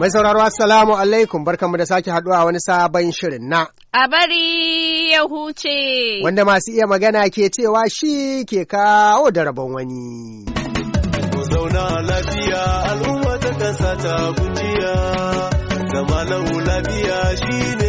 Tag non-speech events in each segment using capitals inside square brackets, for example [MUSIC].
Mai sauraro Assalamu alaikum barkanmu da sake haduwa wani sabon shirin na. A bari ya huce. Wanda masu iya magana ke cewa shi ke kawo da rabon wani. zauna lafiya al'umma ta kasa ta zama lafiya shi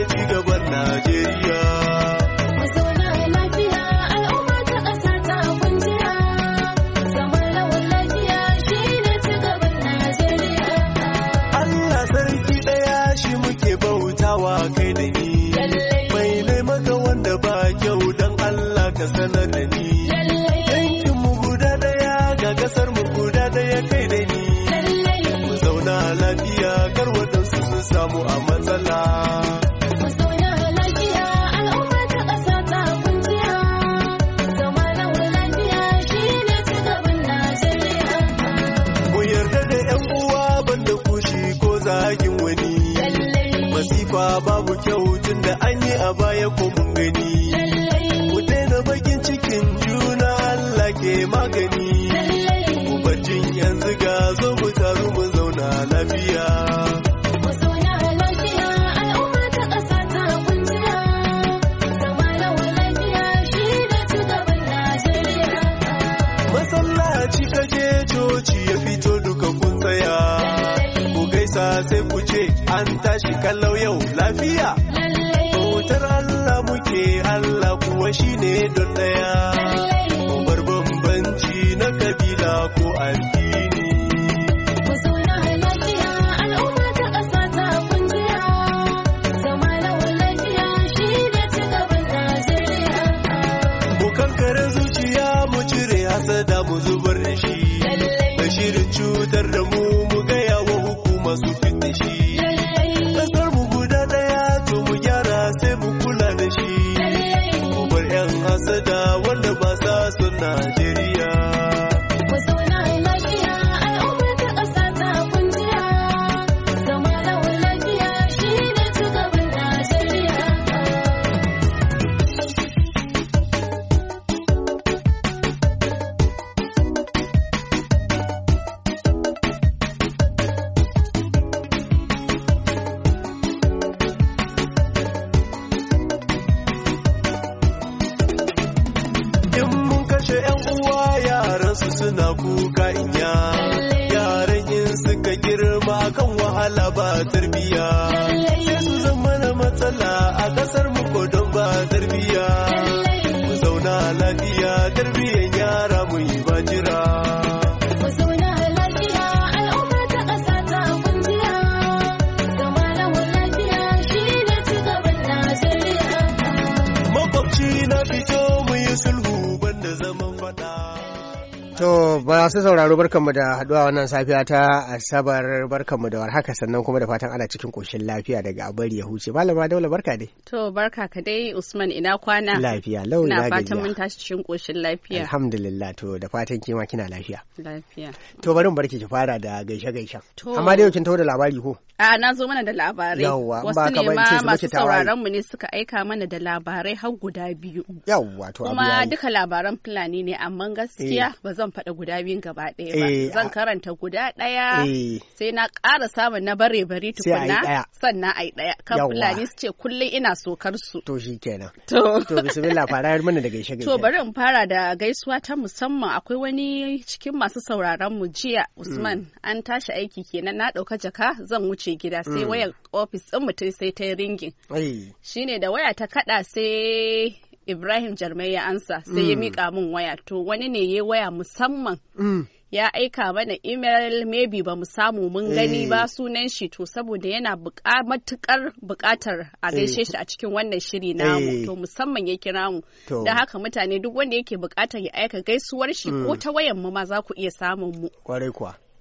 a baya kun gani ku daina bakin cikin juna Allah ke magani ku bajin yanzu ga zo mu taru mu zauna lafiya Masallaci ya fito duka kun ku gaisa sai ku ce an tashi kallau yau tarbiyya. Yesu zan su sauraro barkanmu da haduwa wannan safiya ta Asabar barkanmu da warhaka sannan kuma da fatan ana cikin koshin lafiya daga abari ya huce. Malama Daula barka dai. To barka ka dai Usman ina kwana. Lafiya lau ina fatan mun tashi cikin koshin lafiya. Alhamdulillah to da fatan kima kina lafiya. Lafiya. To bari mu barki ki fara da gaishe gaishe amma dai kin tawo da labari ko? A na zo mana da labarai. Yawwa ba ka ban ce masu sauraron mu ne suka aika mana da labarai har guda biyu. Yawwa to Kuma duka labaran Fulani ne amma gaskiya eh. ba zan faɗa guda bin gaba ɗaya ba eh, zan karanta guda ɗaya eh. sai na ƙara samun na bare bari tukuna sannan ai ɗaya kan fulani su ce kullum ina sokar su to shi kenan to to bismillah fara mana da gaishe gaishe to bari in fara da gaisuwa ta musamman akwai wani cikin masu sauraron mu jiya mm. Usman an tashi aiki kenan na ɗauka jaka zan wuce gida sai mm. wayar ofis ɗin mutum sai ta ringin shine da waya ta kaɗa sai Ibrahim Jarmai ya ansa sai ya mm. mika min waya to wani ne ya waya musamman mm. ya aika mana email maybe ba mu samu mun gani ba eh. sunan shi to saboda yana matukar bukatar a gaishe eh. shi a cikin wannan shiri namu eh. to musamman ya kira mu da haka mutane duk wanda yake bukatar ya aika gaisuwar shi ko mm. ta wayan mu ma za ku iya samun mu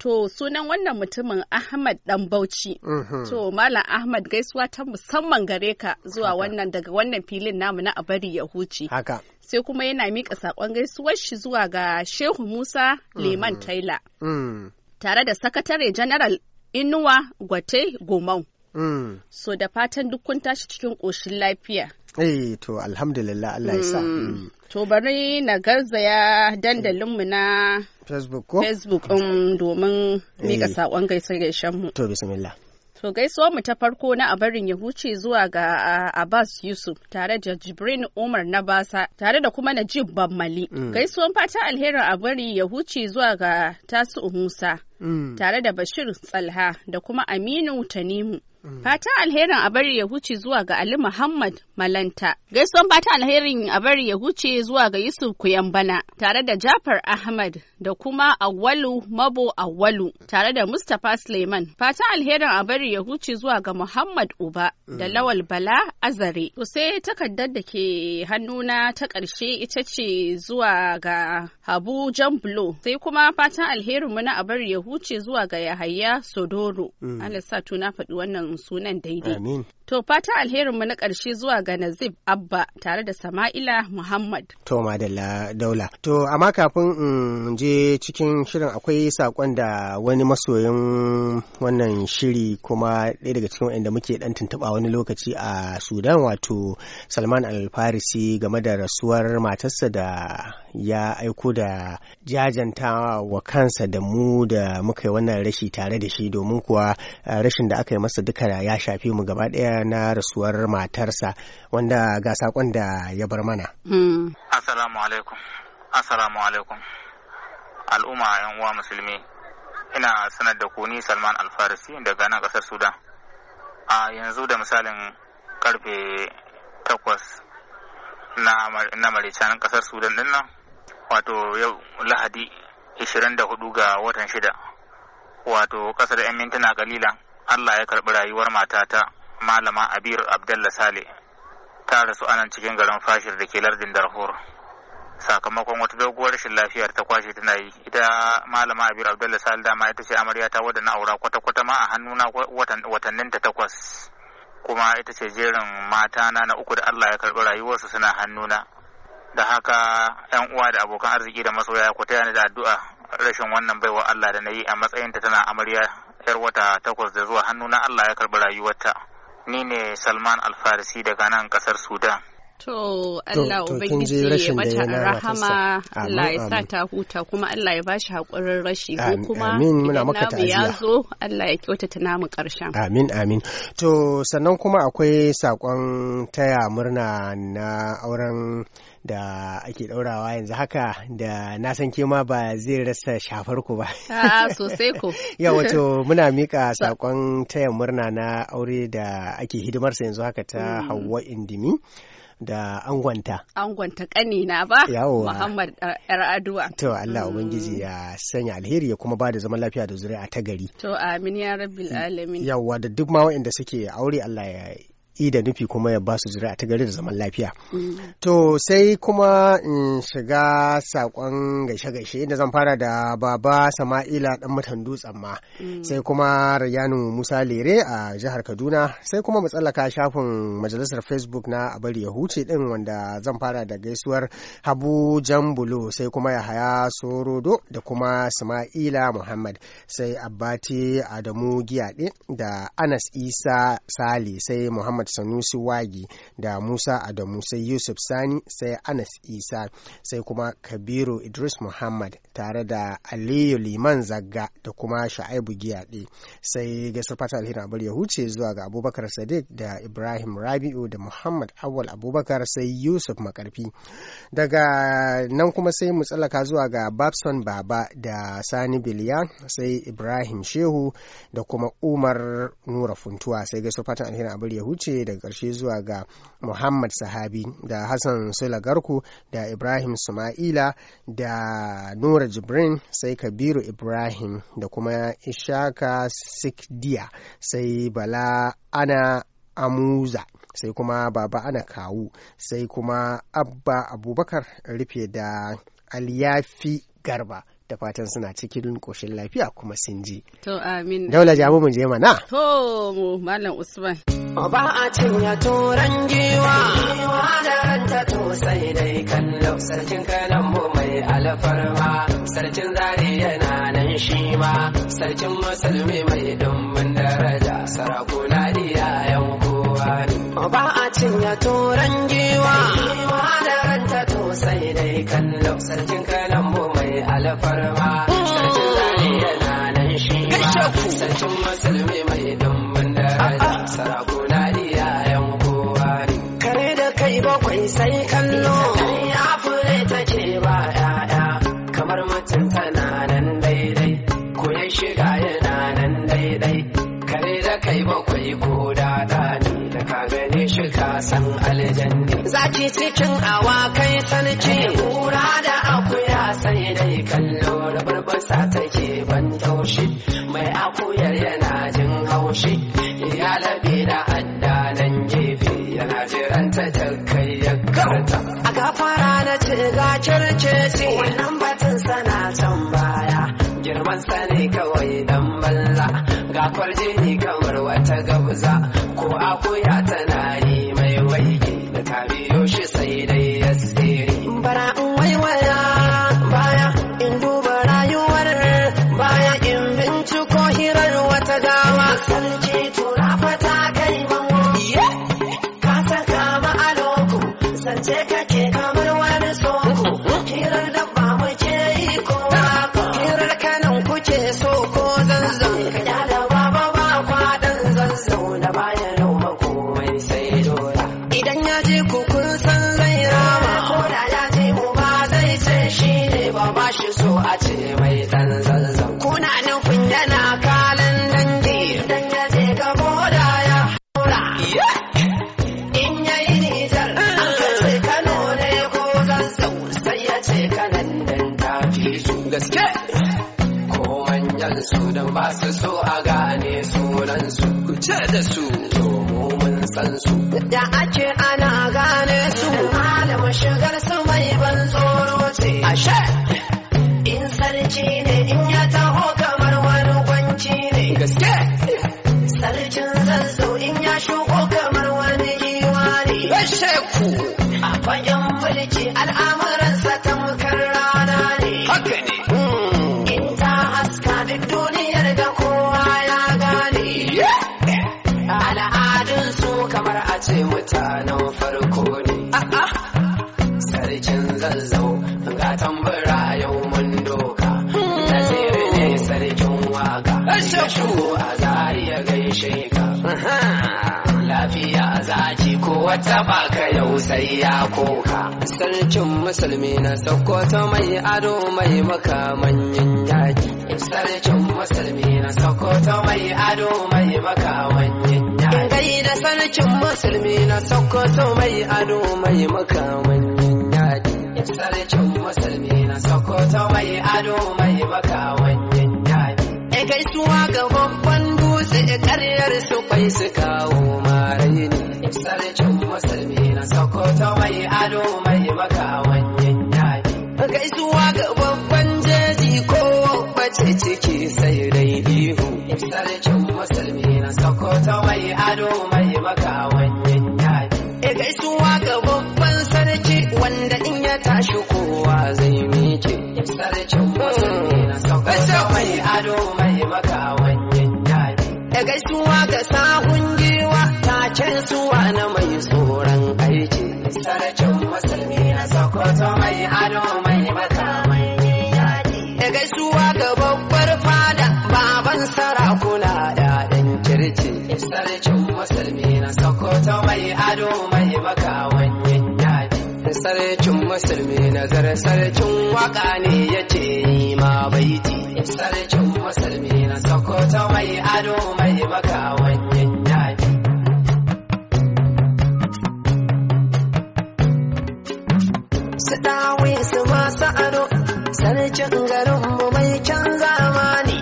To sunan wannan mutumin Ahmad Dan Bauchi. Mm -hmm. To Malam Ahmad gaisuwa ta musamman gare ka zuwa wannan daga wannan filin namu na abari ya huce. Haka. Sai kuma yana mika saƙon gaisuwar shi zuwa ga Shehu Musa mm-hmm. Liman mm -hmm. Taila. Mm. Tare da Sakatare General Inuwa Gwate Gomau. Mm. So da fatan duk kun tashi cikin ƙoshin lafiya. Eh to alhamdulillah Allah ya sa. Mm. Mm. To bari na garzaya dandalinmu na Facebook ko? Facebook domin mika eh. saƙon gaisar gaishen mu. To bismillah. To gaisuwa mu ta farko na abarin ya huce zuwa ga Abbas Yusuf tare da Jibrin Umar na Basa tare da kuma Najib Bammali. Mm. Gaisuwan fata alherin abari ya huce zuwa ga Tasu Musa tare da Bashir Tsalha da kuma Aminu Tanimu. Fatan alherin a bari ya huce zuwa ga Ali Muhammad Malanta. Gaison fatan alherin a bari ya huce zuwa ga Yusuf Kuyambana tare da Jafar Ahmad da kuma Awalu Mabo Awalu. tare da Mustapha Suleiman. Fatan alherin a bari ya huce zuwa ga Muhammad Uba da mm. Lawal Bala Azare. To sai takardar da ke hannuna ta ƙarshe ita ce zuwa ga Habu bulo. Sai kuma fatan alherin mu na a bari ya huce zuwa ga Yahaya Sodoro. Mm. Allah sa tuna faɗi wannan faɗin sunan daidai. To fata alherinmu na ƙarshe zuwa ga Nazib Abba tare da Sama'ila Muhammad. To Madalla Daula. To amma kafin in je cikin shirin akwai saƙon da wani masoyin wannan shiri kuma ɗaya daga cikin wanda muke ɗan tuntuɓa wani lokaci a Sudan wato Salman Alfarisi game da rasuwar matarsa da ya aiko da jajanta wa kansa da mu da muka yi wannan rashi tare da shi domin kuwa eh, rashin da aka yi masa duka ya shafi mu gaba ɗaya na rasuwar matarsa wanda ga sakon da ya bar mana. Hmm. Assalamu alaikum. Assalamu alaikum. Al'umma yan uwa musulmi. Ina sanar da ku Salman Alfarisi daga nan ƙasar Sudan. A yanzu da misalin karfe takwas na maricanin ƙasar Sudan dinnan. wato yau lahadi 24 ga watan shida wato kasar 'yan mintuna kalilan allah ya karɓi rayuwar matata malama abir abdalla sale ta rasu anan cikin garin fashir da ke lardin darfur sakamakon wata doguwar rashin lafiyar ta kwashe tana yi ita malama abir abdalla sale dama ita ce amarya ta wadda aura kwata-kwata ma a hannuna watannin ta takwas kuma ita ce jerin mata na na uku da allah ya karɓi rayuwarsu suna hannuna da haka yan uwa da abokan arziki da masoya ku taya ni da addu'a rashin wannan baiwa Allah da na yi a ta tana amarya yar wata takwas da zuwa hannu na Allah ya karbi rayuwarta ni ne Salman al farisi daga nan kasar Sudan To Allah Ubangiji ya mata rahama Allah ya sa ta huta kuma Allah ya bashi haƙurin rashi ko kuma muna maka ta'aziyya ya zo Allah ya kyautata namu ƙarshen. Amin amin. To sannan kuma akwai saƙon taya murna na auren da ake ɗaurawa yanzu haka da na san ma ba zai rasa shafar ku ba. A [LAUGHS] ah, sosai ku. [LAUGHS] Ya wato muna mika [LAUGHS] saƙon taya murna na aure da ake hidimarsa yanzu haka ta mm. Hauwa Indimi. da angonta. Angonta na ba? Yawo. Muhammad uh, Yar'adua. To Allah mm. Ubangiji ya sanya alheri ya kuma ba da zaman lafiya da zuri'a ta gari. To amin ya rabbil mm. alamin. Yawwa da duk ma waɗanda suke aure Allah ya i da nufi kuma ya ba su ta gari da zaman lafiya mm. to sai kuma in shiga sakon gaishe-gaishe inda zan fara da baba sama'ila ɗan mutan dutsen ma mm. sai kuma rayanu musa lere a jihar kaduna sai kuma matsalaka shafin majalisar facebook na bari ya huce din wanda zan fara da gaisuwar habu jambulo sai kuma yahaya sorodo da kuma sama'ila muhammad sai abbati adamu giyaɗe da anas isa sali sai muhammad sanusi wagi da musa adamu sai yusuf sani sai anas isa sai kuma kabiru idris muhammad tare da aliyu liman zagga da kuma sha'aibu giyaɗe sai gasar fata alhina abar ya huce zuwa ga abubakar sadiq da ibrahim rabi'u da muhammad awal abubakar sai yusuf makarfi daga nan kuma sai mu tsallaka zuwa ga babson baba da sani biliya sai ibrahim shehu da kuma umar nura funtuwa sai gasar fatan alhina abar ya huce ce daga ƙarshe zuwa ga muhammad sahabi da hassan sulagarku da ibrahim suma'ila da nura jibrin sai kabiru ibrahim da kuma ishaka sikdiya sai bala ana amuza sai kuma baba ana kawu sai kuma abba abubakar rufe da aliyafi garba da fatan suna cikin koshin lafiya kuma sun ji. To amin. Daula jamu mu je mana. To mu Malam Usman. Ba a cin ya turan giwa, da ranta to sai dai kallo sarkin kalan mu mai alfarma, sarkin zari yana nan shi ma, sarkin musulmi mai dumbin daraja, sarakuna diya yan kowa ne. Ba a cin ya turan giwa, da ranta sai dai kallo sarkin kalambo mai alfarma sarkin zane yana nan shi ba. sarkin musulmi mai dumbin daraja ah, ah. sarakuna iyayen kowa ne kare da kai bakwai sai kallo ya fure ce ba ya'ya kamar mutum tana nan daidai ko ya shiga yana nan daidai kare da kai bakwai ko da ɗani ka gane shi ka san aljanni zaki cikin awakai sanci. kura da akuya sai dai kallo da barbasa take ban taushi mai akuyar yana jin haushi ya labe da adda nan gefe yana jiran ta kai ya karta a gafara na ce ga circe ce wannan batun sana son baya girman sani kawai dan balla Ga jini kamar wata gabza akuya tana yi mai waige da ka sai dai ya tsere bara in waiwaya baya in duba rayuwar baya in binciko hirar wata gawa sarki tura fata kai bango ka saka ma'aloku zance kake sarkin musulmi na sokoto mai ado mai makamanyin yaki sarkin musulmi na sokoto mai ado mai makamanyin yaki gai da sarkin musulmi na sokoto mai ado mai makamanyin yaki sarkin musulmi na sokoto mai ado mai makamanyin yaki gaisuwa ga babban sai karyar su kwai su kawo maraini sarkin musulmi na sokoto mai ado mai makawan yayi gaisuwa ga babban jeji ko bace ciki sai dai ihu sarkin musulmi na sokoto mai ado mai makawan yayi gaisuwa ga babban sarki wanda in ya tashi kowa zai miƙe sarkin musulmi na sokoto mai ado mai da gaisuwa ga sahun giwa taken suwa na mai tsoron aiki sarkin musulmi na sokoto mai ado mai mata mai makamai da gaisuwa ga babbar fada baban sarakuna 'ya'yan kirki sarkin sarkin musulmi nazar sarcin waka ne ya ce yi ma baiti sarkin musulmi na sokoto mai ado mai makawan yaji su dawe su masu ado sarkin garinmu mai can zamani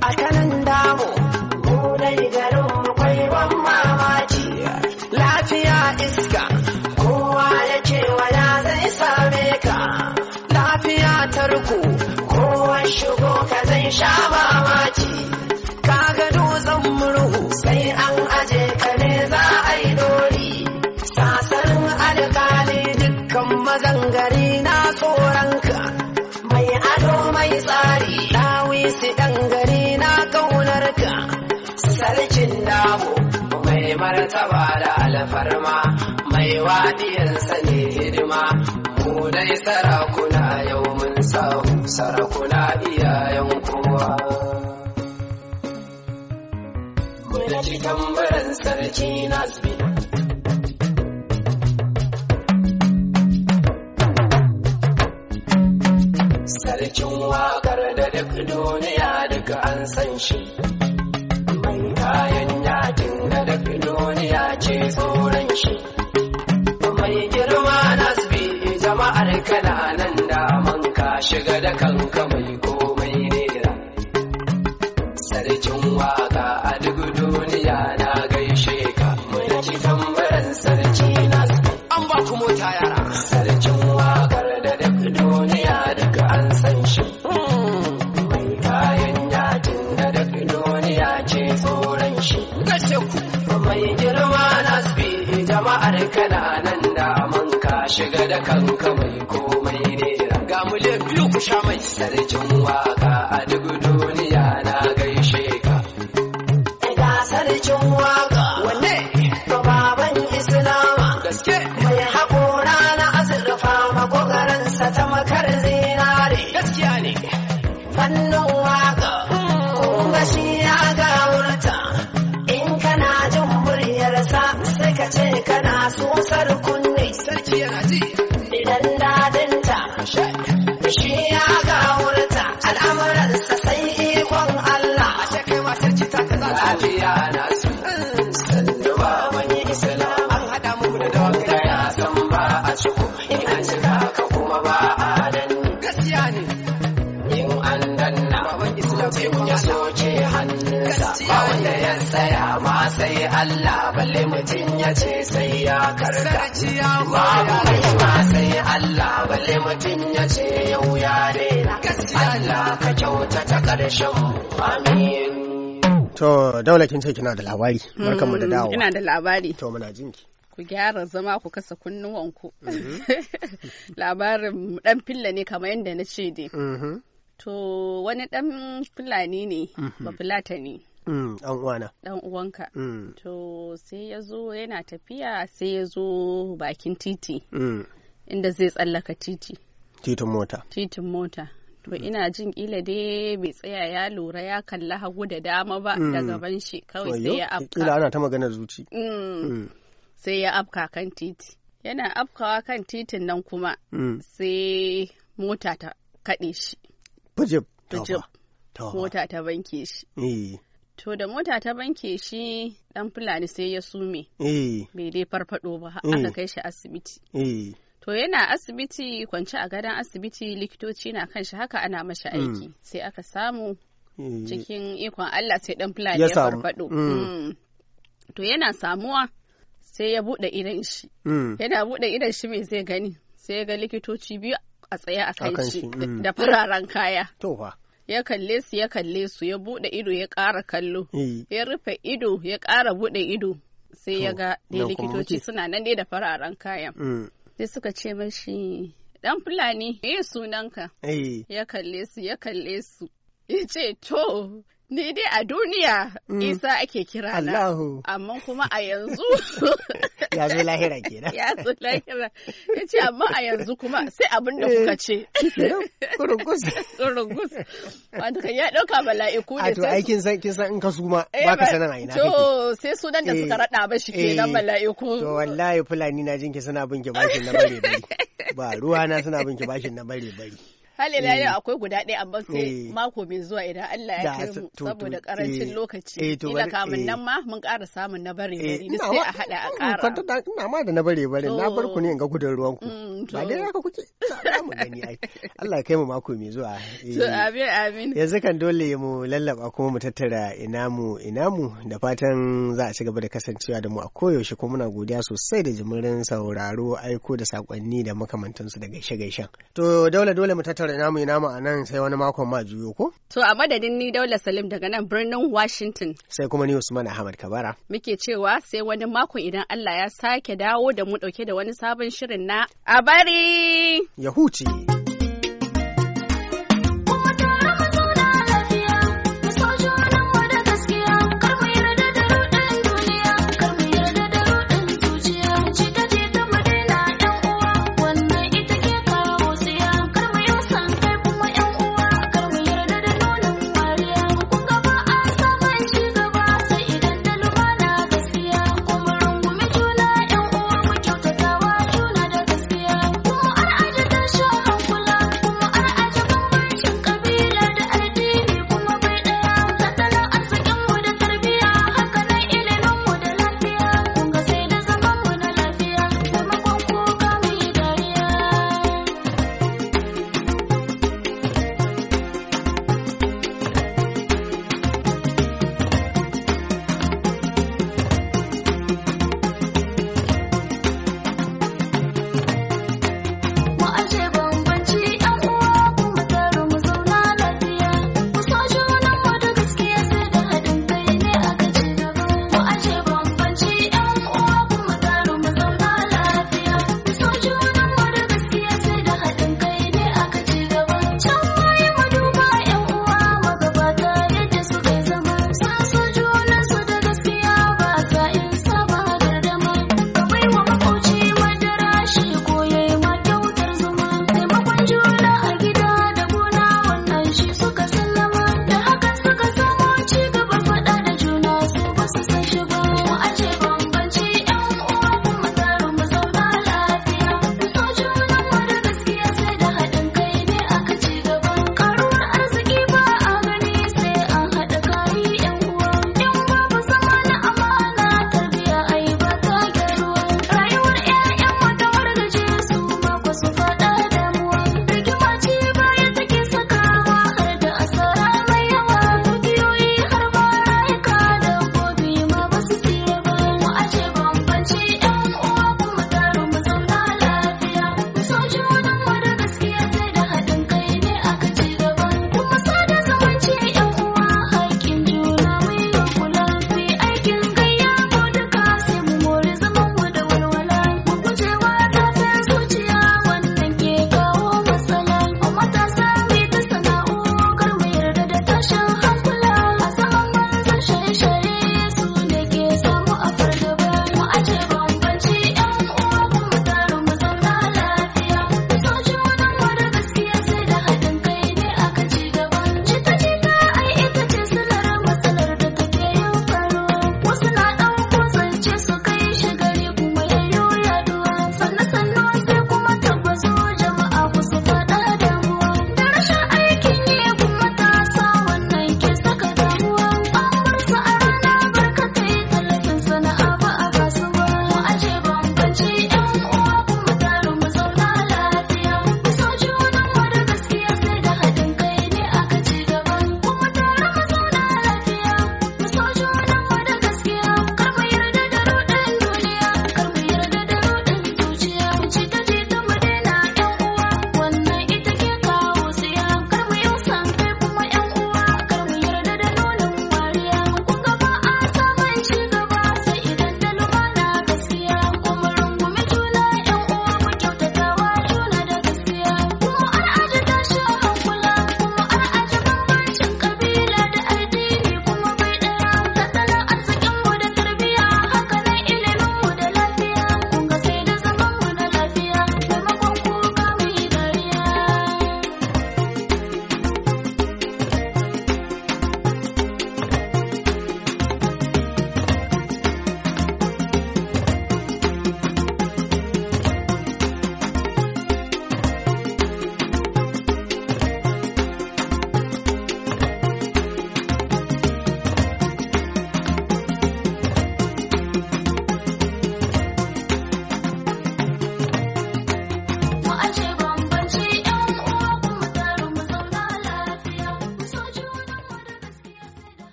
a kanan damu mu dai garin tarko kowa shigo ka zai sha mamaki ga dutsen murhu sai an aje ka ne za a yi dori sasarin alkali dukkan mazan gari na tsoronka mai ado mai tsari dawi su ɗan gari na ƙaunarka sarkin damu mai martaba da alfarma mai wadiyarsa ne hidima ku dai sarakuna yau mun samu sarakuna iyayen kowa. Muna cikin baran sarki nasbi. Sarkin wakar da duk duniya duka an san shi. Mai kayan yakin da duk duniya ce tsoron shi. Mai girma shiga da kanka mai komai nera sarkin waka a duk duniya na gaishe ka muna ci tambaran sarki na an ba ku mota yara sarkin wakar da duk duniya daga an san shi mai kayan yakin da duk duniya ce tsoron shi gashe ku mai girma na jama'ar kana nan da manka. ka shiga da kanka mai komai nera ga mu sha mai sarkin waka a duk lafiya na su sannu ba wani islam an haɗa muku da ya san ba a ciko in an ka kuma ba a nan gaskiya ne in an danna baban islam sai ya ba wanda ya tsaya ma sai Allah balle mutum ya ce sai ya karka ma sai Allah balle mutum ya ce yau ya daina Allah ka kyautata karshen ƙarshen To daula kin ce kina da labari. Mm, Barkan mu da dawo. Ina da labari. To muna jinki. Ku gyara zama ku kasa kunnuwanku. Mm-hmm. [LAUGHS] Labarin dan filla ne kamar yadda na ce dai. Mm-hmm. To wani dan fulani ne, mm-hmm. ba fulata ne. Mm, dan uwana. Dan uwanka. Mm. To sai ya zo yana tafiya sai ya zo bakin titi. Inda zai tsallaka titi. Titin mota. Titin mota. to ina jin kila dai bai tsaya ya lura ya kalla hagu da dama ba mm. da gaban shi kawai sai ya afka Ila ana ta maganar zuci mm. Mm. sai ya afka kan titi yana afkawa kan titin nan kuma sai mota ta kaɗe shi fujib mota ta banke shi eh. to da mota ta banke shi dan fulani sai ya sume eh. bai dai farfado ba eh. aka kai shi asibiti to yana asibiti kwance a gadon asibiti likitoci na kan shi haka ana mashi mm. aiki sai aka samu eh. cikin ikon Allah sai dan fulani ya farfado mm. mm. to yana samuwa sai ya bude idan shi yana bude idan shi mai zai gani sai ya ga likitoci biyu a tsaye a kan shi da fararen kaya to fa ya kalle su ya kalle su ya bude ido ya ƙara kallo eh. ya rufe ido ya ƙara bude ido sai ya ga likitoci suna nan dai da fararen kaya. sai suka ce mashi dan fulani me sunanka eh. ya kalle su ya kalle su ya ce to Ni dai a duniya mm. Isa ake kira na. Allahu. Amma kuma a yanzu. [LAUGHS] Ya zo lahira kenan. Ya zo lahira. Ya ce amma a yanzu kuma sai abin da kuka ce. Eh, kurungus. [LAUGHS] Kurungus. Wanda kan ya ɗauka mala'iku ne. A to ai san kin san in ka suma eh, ba ka sanin a ina To sai sunan da suka eh, raɗa ba shi kenan mala'iku. To wallahi Fulani na jinki suna bin ki bashin na bare bari. Ba ruwa na suna bin ki bashin na bare bari. Hali da yau eh. akwai guda ɗaya amma sai eh. mako mai zuwa idan Allah ya kai mu saboda karancin eh. lokaci ina kamun nan ma mun ƙara samun na bare bare duk sai a hada a mm, ƙara ina ma da na bare bare na bar ku ne in ga gudun ruwan ku mm, ba dai haka kuke mu gani ai [LAUGHS] Allah ya kai mu mako mai zuwa to amin amin yanzu kan dole mu lallaba kuma mu tattara ina mu ina mu da fatan za a ci gaba da kasancewa da mu a koyaushe kuma muna godiya sosai da jimirin sauraro aiko da sakonni da makamantansu da gaishe-gaishen to dole dole mu tattara tattara namu ina mu a nan sai wani makon ma juyo ko? To a madadin ni Daula Salim daga nan birnin Washington. Sai kuma ni Usman Ahmad Kabara. Muke cewa sai wani makon idan Allah ya sake dawo da mu dauke da wani sabon shirin na a bari. Ya huce.